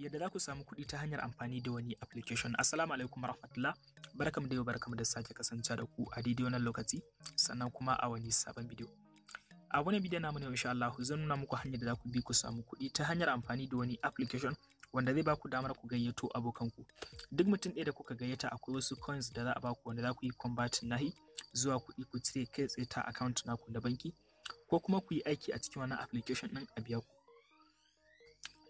yadda za ku samu kuɗi ta hanyar amfani da wani application assalamu alaikum rahmatullah barkamu da yau barkamu da sake kasance da ku a daidai wannan lokaci sannan kuma a wani sabon bidiyo a wani bidiyo namu ne insha Allah zan nuna muku hanyar da za ku bi ku samu kuɗi ta hanyar amfani da wani application wanda zai baku damar ku gayyato abokan ku duk mutum ɗaya da kuka gayyata akwai wasu coins da za a baku wanda za ku yi converting nahi zuwa kuɗi ku cire kai tsaye ta account naku na banki ko kuma ku yi aiki a cikin wannan application ɗin a biya ku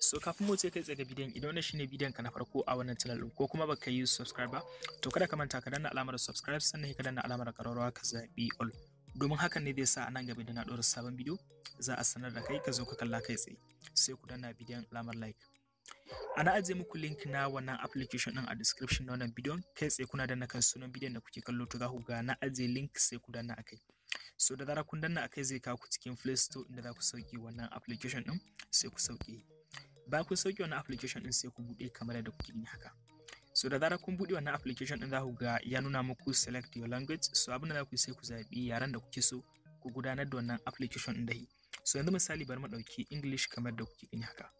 so kafin mu kai tsaye ga bidiyon idan wannan shine bidiyon ka na farko a wannan channel ko kuma baka yi subscribe ba to kada ka manta ka danna alamar subscribe sannan ka danna alamar kararrawa ka zabi all domin hakan ne zai sa a nan gaba da na dora sabon bidiyo za a sanar da kai ka zo ka kalla kai tsaye sai ku danna bidiyon alamar like ana ajiye muku link na wannan application din a description na wannan bidiyon kai tsaye kuna danna kan sunan bidiyon da kuke kallo to za ku ga na ajiye link sai ku danna akai so da zarar kun danna akai zai kawo ku cikin play store inda za ku sauki wannan application din sai ku sauke bayan kun sauke wannan application din sai ku bude kamar yadda kuke gani haka so da zarar kun bude wannan application din za ku ga ya nuna muku select your language so abin da za ku sai ku zaɓi yaren da kuke so ku gudanar da wannan application din da so yanzu misali bari mu dauki english kamar da kuke gani haka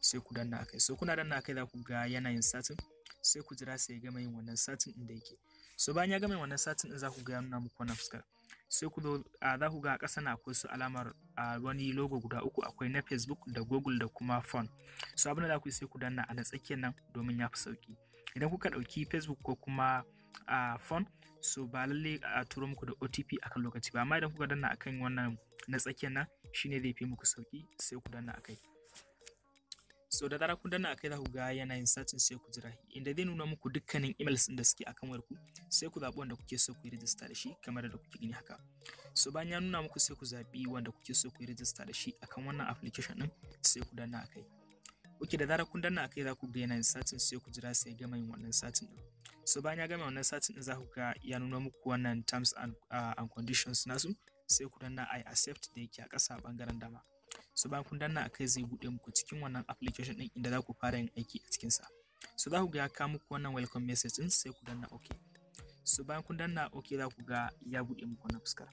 sai ku danna akai so kuna danna akai za ku ga yanayin satin sai ku jira sai ya gama yin wannan satin din da yake so bayan ya gama yin wannan satin din za ku ga ya nuna muku wannan fuskar sai ku zo za ku ga ƙasa na akwai su alamar a wani logo guda uku akwai na facebook da google da kuma phone su abin da za ku sai ku danna a na tsakiyar nan domin ya fi sauki idan kuka ɗauki facebook ko kuma a phone so ba lalle a turo muku da otp akan lokaci ba amma idan kuka danna akan wannan na tsakiyar nan shine zai fi muku sauki sai ku danna kai. so da zarar kun danna akai za ku ga yanayin satin sai ku jira inda zai nuna muku dukkanin emails din da suke akan wayar ku sai ku zabi wanda kuke so ku yi register da shi kamar da kuke gani haka so bayan ya nuna muku sai ku zabi wanda kuke so ku yi register da shi akan wannan application din sai ku danna akai Ok da zarar kun danna akai za ku ga yanayin satin sai ku jira sai gama yin wannan satin din. So bayan ya gama wannan satin din za ku ga ya nuna muku wannan terms and, uh, and conditions nasu sai ku danna I accept da yake a ƙasa bangaren dama. so bayan kun danna akai zai buɗe muku cikin wannan application ɗin inda za ku fara yin aiki a cikinsa so za ku ga ya kawo muku wannan welcome message din sai ku danna okay so bayan kun danna okay za ku ga ya buɗe muku na fuskar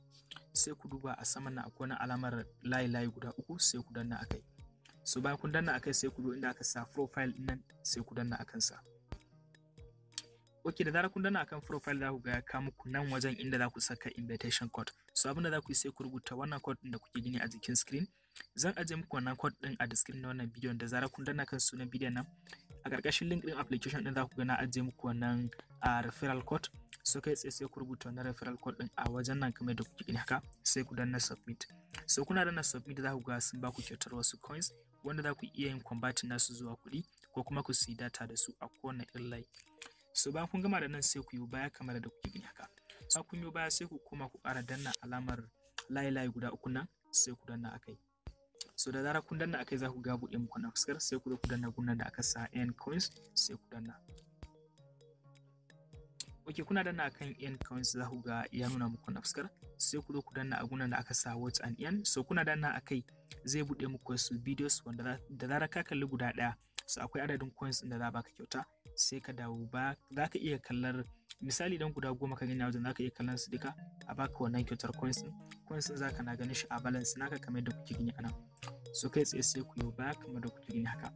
sai ku duba a saman na akwai alamar layi layi guda uku sai ku danna akai so bayan kun danna akai sai ku zo inda aka sa profile ɗin nan sai ku danna akan sa ok da zarar kun danna akan profile za ku ga ya kawo muku nan wajen inda za ku saka invitation code so abinda za ku yi sai ku rubuta wannan code da kuke gini a jikin screen zan ajiye muku wannan code din a description na wannan bidiyon da zarar kun danna kan sunan bidiyon nan a ƙarƙashin link din application din za ku ga na ajiye muku wannan referral code so kai tsaye sai ku rubuta wannan referral code din a wajen nan kamar da kuke gani haka sai ku danna submit so kuna danna submit za ku ga sun ba ku kyautar wasu coins wanda za ku iya yin converting nasu zuwa kuɗi ko kuma ku sayi data da su a kowane irin layi so bayan kun gama da nan sai ku yi baya kamar da kuke gani haka so kun yi baya sai ku koma ku ƙara danna alamar layi layi guda uku nan sai ku danna akai so da zarar kun danna akai za ku ga buɗe muku na fuskar sai ku zo ku danna gunnan da aka sa n coins sai ku danna ok kuna danna akan n coins za ku ga ya nuna muku na fuskar sai ku zo ku danna a gunnan da aka sa watch and n so kuna danna akai zai buɗe muku wasu videos wanda da zarar ka kalli guda ɗaya so akwai adadin coins da za baka kyauta sai ka dawo ba za ka iya kallar misali dan guda goma ka gani a wajen za ka iya kallon su duka a baka wannan kyautar coins din coins din za ka na ganin shi a balance naka kamar yadda kuke gani a nan so kai tsaye sai ku yi baya kamar da kuke gini haka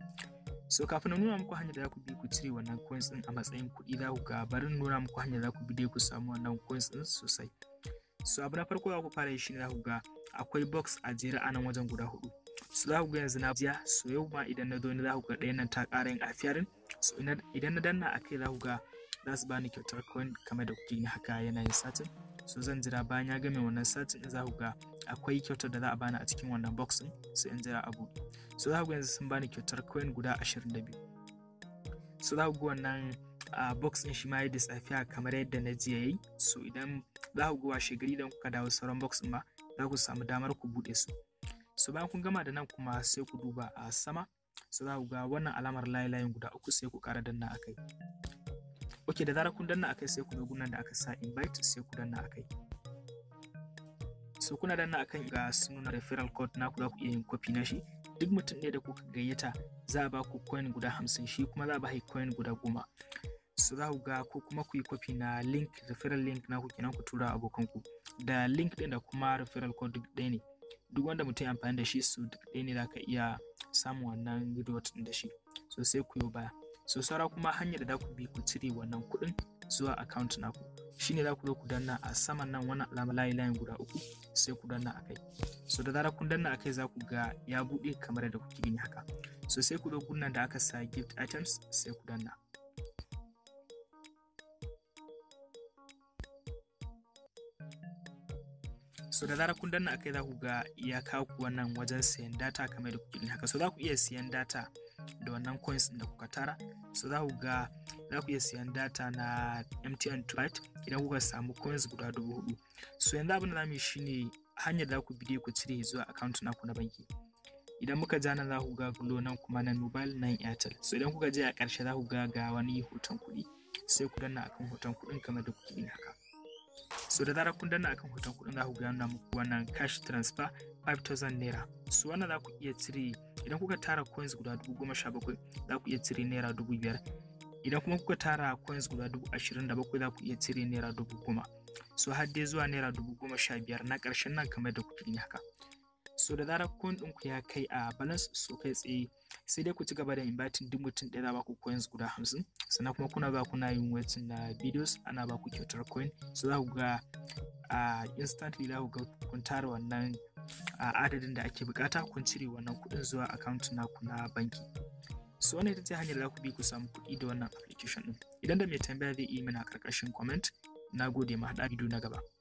so kafin na nuna muku hanyar da za ku bi ku cire wannan coins din a matsayin kuɗi za ku ga barin nuna muku hanyar da za ku bi dai ku samu wannan coins din sosai so abu na farko za ku fara yi shine za ku ga akwai box a jere a nan wajen guda hudu so za ku ga yanzu na jiya so yau ma idan na zo ni za ku ga ɗaya nan ta ƙara yin afiyarin so idan na danna a kai za ku ga za su bani kyautar coin kamar da kuke yi haka yana yin satin so zan jira bayan ya game wannan satin in za ku ga akwai kyautar da za a bani a cikin wannan box din sai in jira abu so za ku yanzu sun bani kyautar coin guda 22 so za ku ga wannan a box din shi ma kamar yadda na jiya yi so idan za ku ga washe gari kuka dawo sauran box din ma za ku samu damar ku buɗe su so bayan kun gama da nan kuma sai ku duba a sama so za ku ga wannan alamar layi layin guda uku sai ku kara danna akai kai ok da zarar kun danna akai sai ku zo gunan da aka sa invite sai ku danna akai so kuna danna akan ga sunan referral code naku za ku iya yin copy na shi duk mutum ne da kuka gayyata za a ba ku coin guda hamsin shi kuma za a ba shi coin guda goma su za ku ga ko kuma ku yi kwafi na link referral link na ku kenan ku tura abokanku da link din da kuma referral code duk ɗaya ne duk wanda mutum amfani da shi su duk ɗaya ne za ka iya samun wannan video da shi so sai ku yi baya so saura kuma hanyar da ku bi ku cire wannan kuɗin zuwa account naku shine za ku zo ku danna a saman nan wannan alama layi layin guda uku sai ku danna a kai so da zarar kun danna a kai za ku ga ya buɗe kamar yadda kuke gani haka so sai ku zo kunnan da aka sa gift items sai ku danna so da zarar kun danna akai za ku ga ya kawo ku wannan wajen sayan data kamar da kuke gani haka so za ku iya siyan data da wannan coins da kuka tara so za ku ga za ku iya siyan data na mtn twite idan kuka samu coins guda dubu hudu so yanzu abin da zamu shi shine hanyar da ku bi ku cire zuwa account naku na banki idan muka ja nan za ku ga glo nan kuma na mobile nan airtel so idan kuka je a karshe za ku ga ga wani hoton kuɗi sai ku danna akan hoton kuɗin kamar da kuke haka so da zarar kun danna akan hoton kuɗin za ku ga nuna muku wannan cash transfer 5000 naira so wannan za ku iya cire idan kuka tara coins guda dubu goma sha bakwai za ku iya cire naira dubu biyar idan kuma kuka tara coins guda dubu ashirin da bakwai za ku iya cire naira dubu goma so har dai zuwa naira dubu goma sha biyar na ƙarshen nan kamar da kuke gani haka so da zarar kun ɗinku ya kai a balance so kai tsaye sai dai ku ci gaba da inviting duk mutum ɗaya ba ku coins guda hamsin sannan kuma kuna ba kuna yin waiting na videos ana ba ku kyautar coin so za ku ga a instantly za ku ga kun tara wannan a adadin da ake bukata kun cire wannan kuɗin zuwa account ku na banki so wannan ita ce hanyar za ku bi ku samu kuɗi da wannan application ɗin idan da mai tambaya zai yi mana karkashin comment na gode ma haɗa video na gaba